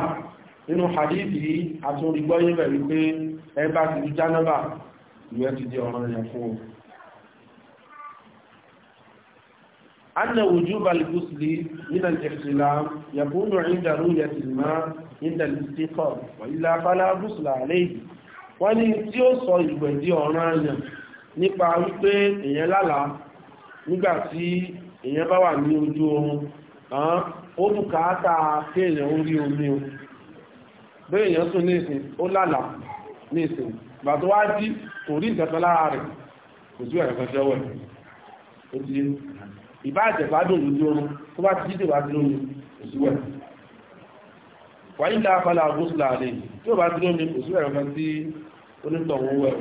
nínú hadithi àtúnrígbọ́yé wípé ẹ bá ti di jánàbà ìwẹ̀ ti di ọ̀ranyàn fún o أن وجوب الغسل من الاحتلام يكون عند رؤية الماء عند الاستيقاظ وإلا فلا غسل عليه wọ́n ní tí ó sọ ìgbẹ̀ di ọ̀ràn àyàn nípa wípé èèyàn lálà nígbà tí èèyàn bá wà ní ojú oorun ó bùkátà kéèyàn ó rí omi o bí èèyàn sùn ní ìsìn ó lálà ní ìsìn ìgbà tó kò rí nǹkan lára rẹ̀ kò sí ẹ̀rẹ̀ kan ṣẹ́wọ̀ ó ti ìbá àjẹ̀fádùn lójú oorun tó bá ti dídè wá sí lómi òsúwẹ̀ wáyé ńlá afálà àgbóṣùlà àlè tí ó bá sí lómi òsúwẹ̀ rẹ̀ sí onítọ̀ owó ẹ̀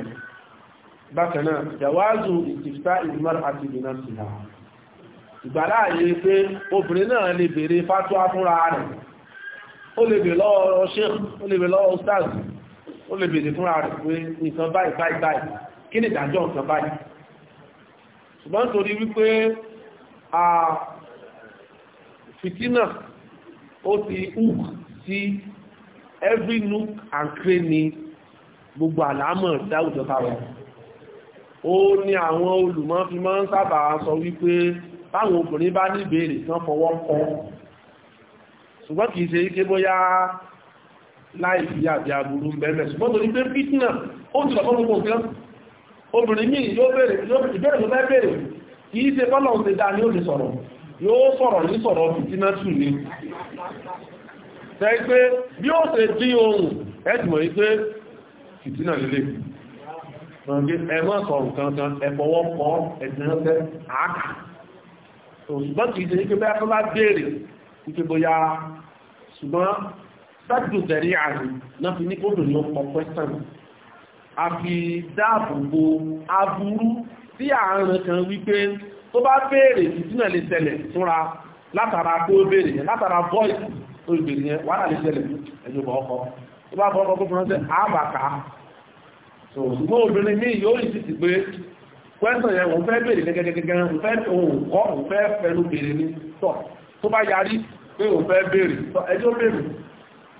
bákan náà jàwáàzù ìtìfta ìdúmọ̀lá àti ìdúná sí ha ìgbàlá àyè pé obìnrin náà lè béèrè fátúwá fúnra rẹ̀ o lè béèrè lọ́wọ́ sheikh ó lè béèrè lọ́wọ́ ustaz ó lè béèrè fúnra rẹ̀ pé nǹkan báyìí báyìí báyìí kí ṣùgbọ́n torí wípé a fitina, ó ti hook sí every nook and cranny gbogbo àlámọ̀ dáwùjọ táwọn ó ní àwọn olùmọ̀ fi máa ń sábà sọ wípé báwọn obìnrin bá ní ìbéèrè kan fọwọ́ kọ́ ṣùgbọ́n kìí ṣe ike bóyá láìsí àbí aburú ń bẹ̀rẹ̀ ṣùgbọ́n torí pé fìtínà ó ti lọ́kọ́ gbogbo nǹkan obìnrin míì yóò bèèrè ìbéèrè tó fẹ́ bèèrè kì í ṣe bọ́lọ̀ ṣe dá ní òde sọ̀rọ̀ yóò sọ̀rọ̀ ní sọ̀rọ̀ fìtínà tù ní tẹ́ pé bí ó ṣe dín ohun ẹ̀dùnmọ̀ yí pé fìtínà lélẹ̀ ẹ̀mọ́ sọ̀rọ̀ kankan ẹ̀fọwọ́ pọ̀ ẹ̀dìnrẹ́sẹ̀ àákà ṣùgbọ́n kìí ṣe wípé bẹ́ẹ̀ tó bá béèrè wípé bóyá ṣùgbọ́n sáàtù tẹ̀rí àrùn náà fi ní kódò ní ọkọ̀ pẹ́sàn a fi dáàbòbò aburú tí àárín kan wípé tó bá béèrè ìtúnà lè tẹ̀lẹ̀ túnra látara kó béèrè yẹn látara voice tó béèrè yẹn wàhálà lè tẹ̀lẹ̀ ẹjọba ọkọ tó bá fọ́kọ́ tó fúnránṣẹ́ àbàkà ṣùgbọ́n obìnrin míì yóò rí títì pé kwẹ́sàn yẹn òun fẹ́ béèrè gẹ́gẹ́gẹ́gẹ́ òun fẹ́ òun kọ́ òun fẹ́ fẹ́lú béèrè ní tọ́ tó bá yarí pé òun fẹ́ béèrè ẹjọ́ béèrè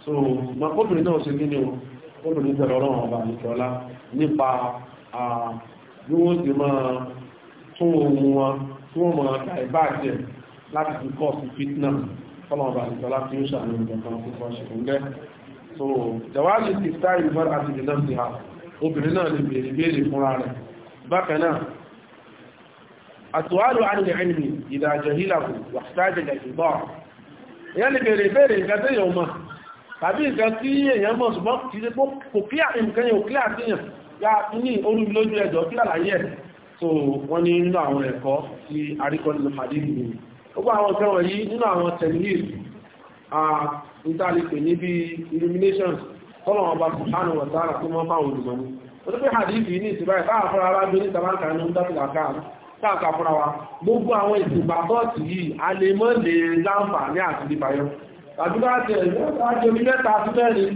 so mọ̀kóbìnrin náà ṣe kí ni o olùdí sọ̀rọ̀ ọlọ́run ọba ìṣọ́lá nípa bí wọ́n ti máa tún ohun wọn tí wọ́n máa ta ìbáàjẹ́ láti fi kọ́ sí fitna ọlọ́run ọba ìṣọ́lá tí ó ṣàmì ìjọkan tó kọ́ ṣe fúnjẹ́ so jawali ti ta ìfẹ́ àti ìdílé ti ha obìnrin náà lè béèrè béèrè fúnra rẹ̀ bákan náà àtúwálù àdìlẹ̀ ẹni ìdájọ́ hílàkù wà sáájẹ̀ tàbí nǹkan tí èèyàn mọ̀ ṣùgbọ́n ti ṣe pó kò kí nǹkan yóò kí àtíyàn ya ní orí lójú ẹjọ́ kí àlàyé so wọ́n ní nínú àwọn ẹ̀kọ́ tí àríkọ́ nínú hadith ni gbogbo àwọn ọ̀sẹ̀ wọ̀nyí nínú àwọn tẹ̀lìl ìtàlìpè níbi illuminations tọ́lọ̀ ọba subhanahu wa ta'ala tó mọ́ fáwọn olùmọ̀mú wọ́n pé hadith ní ìsìnbá ìfá àfúnra ara bí ní tàbáǹkà ní àdúgbà àti omi mẹ́ta sí mẹ́rin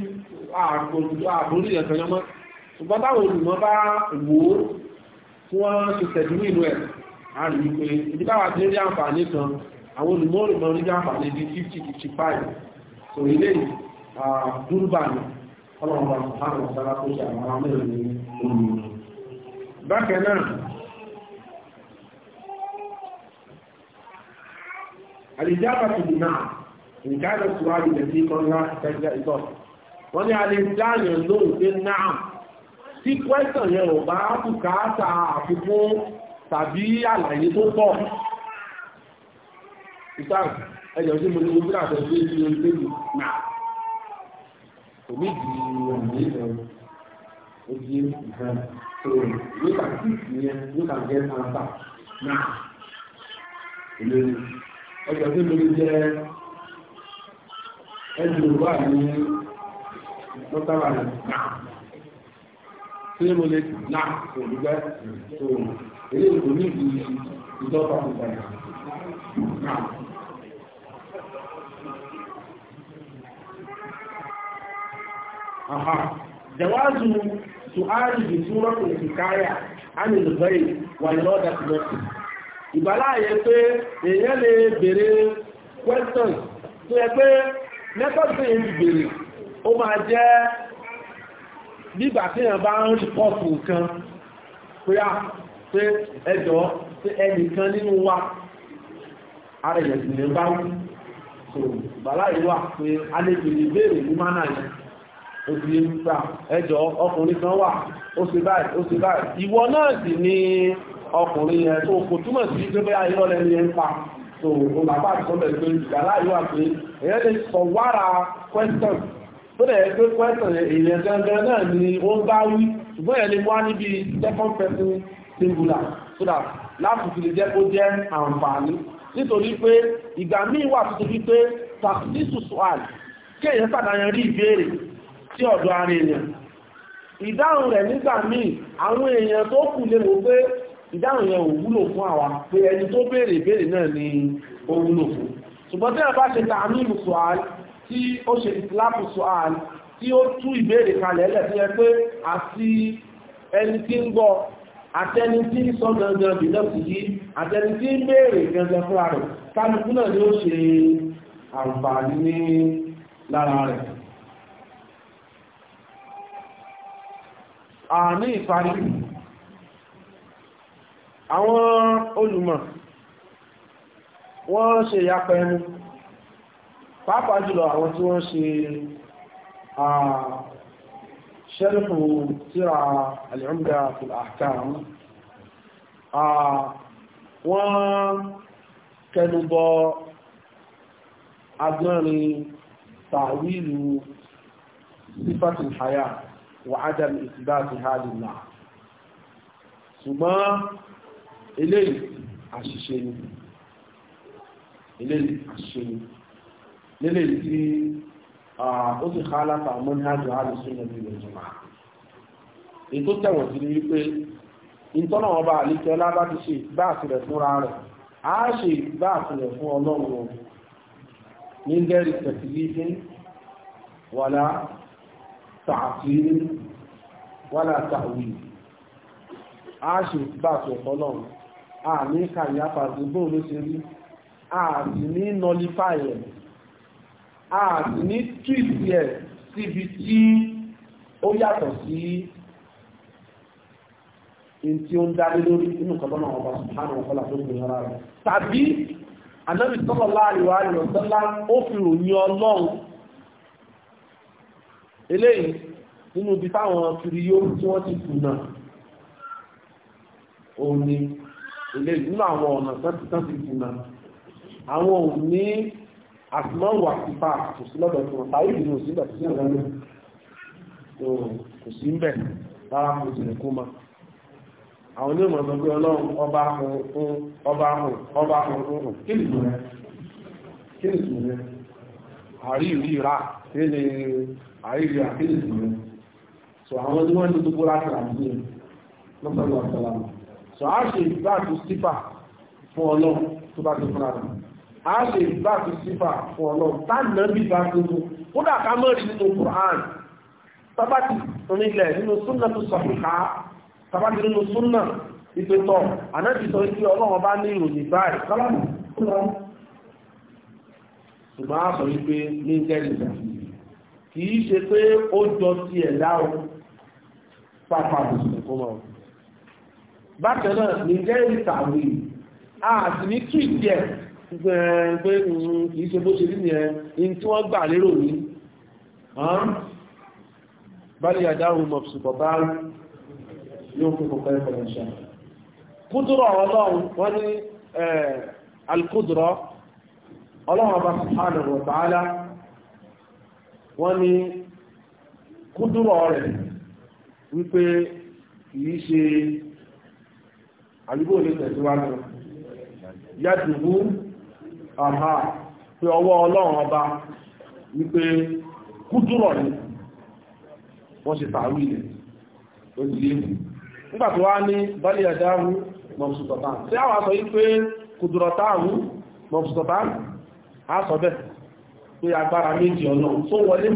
àbórí ẹ̀kan yọmọ́ ṣùgbọ́n táwọn olùmọ́ bá wò ó tí wọ́n ti tẹ̀jú nínú ẹ̀ a rí wípé ibi táwà tí ó rí àǹfààní kan àwọn olùmọ́ olùmọ́ rí àǹfààní bí 50-55 so ilé dúrúbà ní ọlọ́run bá sùhánà sára tó ṣe àwọn amẹ́rin ní olùmọ́ bákan náà àlìjábà tó nǹkan ẹ̀sùn wáyé ìdẹ̀sí kan ńlá ìtẹ́jẹ́ ìtọ́ wọ́n ní a lè dáyàn lóhùn pé náà tí kwẹ́sàn yẹn ò bá bùkátà àfikún tàbí àlàyé tó pọ̀ ìtàn ẹjọ́ sí mo ní mo bíra àtọ̀ sí ìlú ìlú náà òmí di ìròyìn ìtàn ojú ìfẹ́ tó nígbà tí ìyẹn nígbà jẹ́ náà ẹjù wà ní lọ́tàrà náà tí mo lè náà kò dúgbẹ́ tó èyí kò ní ìlú ìjọba ìgbàlẹ̀ náà. Aha, jawazu su'ali bi hikaya an al pé èèyàn lè bere questions tó yẹ mẹ́tọ́dù yẹn ti bèèrè ó máa jẹ́ nígbà tí èèyàn bá ń rìpọ́ọ̀tù nǹkan pẹ́yà pé ẹjọ́ pé ẹnìkan nínú wa ara èèyàn sì lè bá wú so bàlá ìwà pé a lè bèèrè ìbéèrè ní mánà yẹn ó ti yé gbà ẹjọ́ ọkùnrin kan wà ó ṣe báyìí ó ṣe báyìí ìwọ náà sì ni ọkùnrin yẹn tó kò túmọ̀ sí pé bóyá irọ́ lẹ́nu yẹn ń pa so o bàbá àtúntò pé ìgbàlá yóò wà pé èyàn lè sọ wára question tó dẹ̀ pé question èyàn dandan náà ni ó ń bá wí ṣùgbọ́n èyàn lè wá níbi second person singular so that láti fi lè jẹ́ kó jẹ́ àǹfààní nítorí pé ìgbà míì wà tuntun wípé tàbísù sùhàn kí èyàn sàdáyàn rí ìbéèrè sí ọ̀dọ̀ ara èèyàn ìdáhùn rẹ̀ nígbà míì àwọn èèyàn tó kù lè rò pé ìdáhùn yẹn ò wúlò fún àwa pé ẹni tó béèrè ìbéèrè náà ni ó wúlò fún ṣùgbọ́n tí ẹ bá ṣe tààmì ìmùsùn tí ó ṣe lápù sọ́àl tí ó tú ìbéèrè kalẹ̀ ẹlẹ̀ tí ẹ pé àti ẹni tí ń gbọ́ àtẹni tí ń sọ gangan bìlọ́sì yìí àtẹni tí ń béèrè gangan fúnra rẹ̀ kálukú náà ni ó ṣe àǹfààní ní lára rẹ̀ àní ìparí àwọn olùmọ̀ wọ́n ṣe ìyapa ẹnu pàápàá jùlọ àwọn tí wọ́n ṣe ṣẹ́rìfù tíra al-Umda fil Ahkam wọ́n kẹnubọ agbọ́nrin tàwílù sífàtì hayá wa adam ìsìbá ti hajjì náà ṣùgbọ́n eléyìí àṣìṣe ni eléyìí àṣìṣe ni lélẹ̀ tí ó sì ká aláta mọ́níhájú alùsùn ẹ̀bí ìjọba ètò tẹ̀wọ̀n sí ní wípé ìtọ́nà ọba àlíkẹ́ lábá ti ṣe ìgbà àtìrẹ̀ fúnra rẹ̀ a ṣe ìgbà àtìrẹ̀ fún ọlọ́run ní lẹ́rì tẹ̀sílífí wàlá tààtìrí wàlá tààwì a ṣe ìgbà àtìrẹ̀ fún ọlọ́run àmì kàyà pàdúgbò ló ṣe rí àti ní nọlífàyẹ̀ àti ní tìrìtì ẹ̀ síbi tí ó yàtọ̀ sí in tí ó ń dáre lórí inú kọ̀tọ́nà ọba sùhánà ọ̀fọ́lá tó gbé ara rẹ̀ tàbí anábì sallallahu alaihi wa sallam ó fi ròyìn ọlọ́run eléyìí nínú ibi táwọn kiri yóò tí wọ́n ti kùnà òní ilé nínú àwọn ọ̀nà tán ti jìnnà àwọn ò ní àtìmọ́wà pípa kò sí lọ́dọ̀ tí wọ́n tàbí ìdìmọ̀ sí ìgbàtí sí ìrànlẹ́ kò sí ń bẹ̀ rárá kò sì kó ma àwọn ní ìmọ̀ ọ̀sán pé ọlọ́run ọba ahùn ọba ahùn ọba ahùn ọ̀hún kí ni ìsìn rẹ̀ kí ni ìsìn rẹ̀ àrí ìrí ìrà kí ni àrí ìrí àkí ni ìsìn rẹ̀ so àwọn tí wọ́n ní gbogbo láti rà sí lọ́sọ̀rọ̀ àtàlàmù so a ṣe ìgbà tó sífà fún ọlọ́run tó bá ti fúnra rẹ̀ a ṣe ìgbà tó sífà fún ọlọ́run tánà bí bá gbogbo kódà ká mọ́ rí nínú Quran tábàtì onílẹ̀ nínú súnà tó sọ fìkà tábàtì nínú súnà ìpètọ̀ ànájìtọ̀ ìpè ọlọ́run bá ní ìròyìn báyìí kọ́lọ́mù ṣùgbọ́n a sọ wípé ní ìjẹ́rìsà kì í ṣe pé ó jọ ti ẹ̀ láwọn pápá bùsùn kó máa bákan náà ní jẹ́ ìtàwé àti ní tìjẹ pé mm, kìí ṣe bó ṣe rí nìyẹn ní tí wọ́n gbà lérò ní báyìí àdáhùn mọ̀sùpọ̀ bá yóò fi kọ̀kọ́ ìfọ̀lẹ́ṣà kúdùrọ̀ ọlọ́run wọ́n ní alkúdùrọ̀ àdúgbò lè tẹ̀síwájú yàtùbú àhà pé ọwọ́ ọlọ́run ọba wípé kúdúrọ̀ ni wọ́n ṣe tààrí ilẹ̀ ó ti lé nígbà tó wá ní bali ẹ̀dáhù mọ̀sùtọ̀tà tí a wà sọ wípé kúdúrọ̀táàrù mọ̀sùtọ̀tà á sọ bẹ́ pé agbára méjì ọ̀nà tó wọlé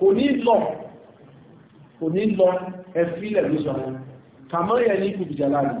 kò ní lọ kò ní lọ ẹ̀fílẹ̀ lóṣọ̀rọ̀ kàmọ́ yẹ ní kùbìjà láàrin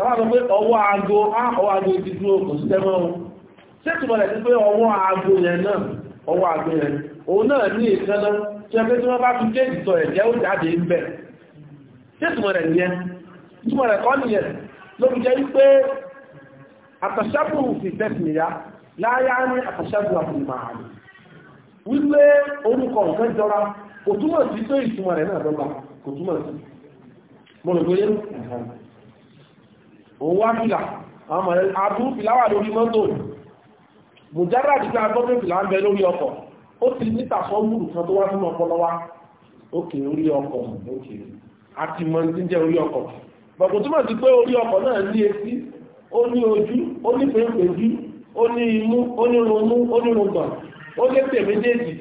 sáwọn pé ọwọ́ aago ọwọ́ aago ti dúró kò sí tẹ́mọ́ o ṣé tí wọ́n lẹ̀ sí pé ọwọ́ aago yẹn náà ọwọ́ aago yẹn òun náà ní ìkaná tí wọ́n pé tí wọ́n bá tún dé ìtọ̀ ẹ̀jẹ̀ ó jáde ń bẹ̀ ṣé tí wọ́n lẹ̀ nìyẹn tí wọ́n lẹ̀ kọ́ nìyẹn ló fi jẹ́ wípé àtọ̀ṣẹ́bù fi tẹ̀sí mo lè gbé yẹn òun wá fìlà àwọn wa òkè orí ọkọ̀ òkè àti mọ̀ ní jẹ́ orí ọkọ̀ bọ̀kùn túnmọ̀ sí pé orí ọkọ̀ náà ní etí ó ní ojú ó ní pèpèjú ó ní imú ó ní ronú ó ní rògbọ̀n ó lé pè méjèèjì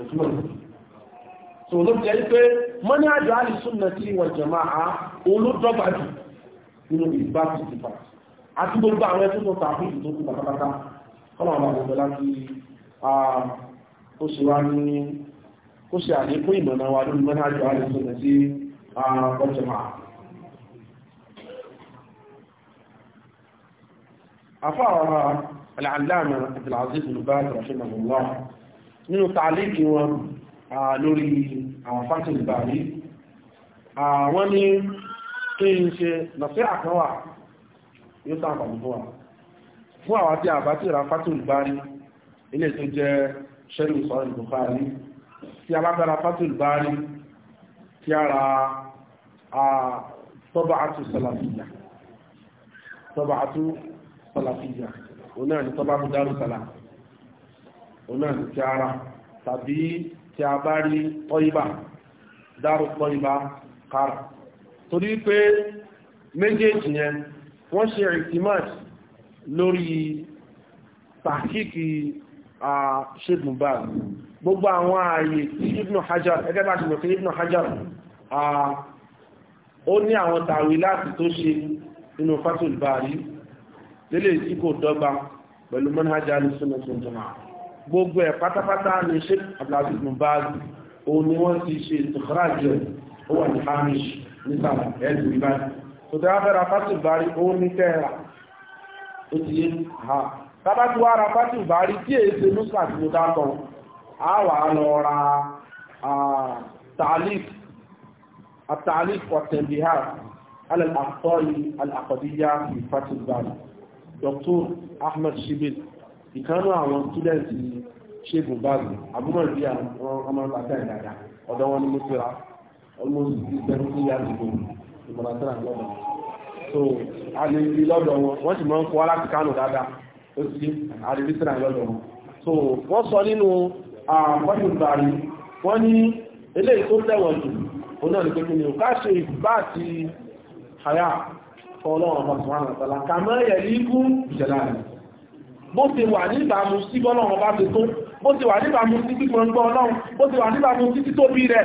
òtúmọ̀ sí òun ló jẹ́ pé mọ́ní àjọ àlìsùn náà tí wọ́n jẹ̀ máa olódọ́gbàdì nínú ìgbà tìtìpà àti gbogbo àwọn ẹtún tó tàbí ìtò kú pátápátá kọ́nà àwọn àgbègbè láti ó ṣe wá ní ó ṣe àlékún ìmọ̀nà wa lórí mọ́nà àjọ àlẹ́sọ̀nà sí ọjọ́mà afọ́ àwọn alàlámà Abdulaziz bin Baz rahimahullah nínú tààlíkì wọn lórí kí n ṣe nàfẹ́ àkọwà yóò sàǹfàní fún wa fún àwọn tí a bá tí ra fatul bari ilé tó jẹ́ sẹ́rìn sọ́rọ̀ Bukhari tí a bá bára fatul bari tí a ra tọ́bà àtú sàlàfíyà tọ́bà àtú sàlàfíyà onáà ni tọ́bà àtú sàlà torí pé méjèèjì yẹn wọ́n ṣe ìtìmọ̀t lórí pàkíkì ṣébùn bá gbogbo àwọn ààyè tí Ibn Hajar ẹgbẹ́ bá ti mọ̀ Hajar ó ní àwọn tàwí láti tó ṣe nínú Fathul Bari lélè tí kò dọ́gba pẹ̀lú manhaj al-sunnah wal jama'ah gbogbo ẹ̀ pátápátá ní Sheikh Abdulaziz Mubarak òun ni wọ́n ti ṣe ìtùkọ́rà jẹ́ ó wà ní hamish nísàlà ẹ̀lú ìbáyìí tó tẹ́ wá fẹ́ ra fásitì ìbárí ó ní kẹ́ẹ̀rà ó ti yé ha tábà tí wá ra fásitì ìbárí tí èyí ṣe nùsà tí mo dákọ̀ á wà lọ ra tàlíf àtàlíf ọ̀tẹ̀lìhà alàkọ̀ọ́lì alàkọ̀díyà fi fásitì ìbárí Dr. Ahmed Shibil ìkánú àwọn túdẹ̀ǹtì ṣègùn báàgì àbúrò ìdí àwọn ọmọ ọlọ́pàá ìdàdà ọ̀dọ́ wọn ni mo ti ra almost seventy years ago ìmọ̀ràn tẹ́lá lọ́dọ̀ so àlèyé lọ́dọ̀ wọn wọ́n sì máa ń kọ́ láti kánò dáadáa ó sì àlèyé tẹ́lá lọ́dọ̀ wọn so wọ́n sọ nínú àpọ́jù bàrí wọ́n ní eléyìí tó tẹ̀wọ̀n jù òun náà ní pé kíni ká ṣe ìgbà àti àyà ọlọ́run ọmọ sùn àwọn ọ̀tọ́lá ká mọ́ ẹ̀yẹ̀ lígún ìṣẹ̀lá rẹ̀ bó ti wà níbàámu sí bọ́lọ́run ọba ti tó bó ti wà níbàámu sí gbígbọ́n gbọ́ ọlọ́run bó ti wà níbàámu sí títóbi rẹ̀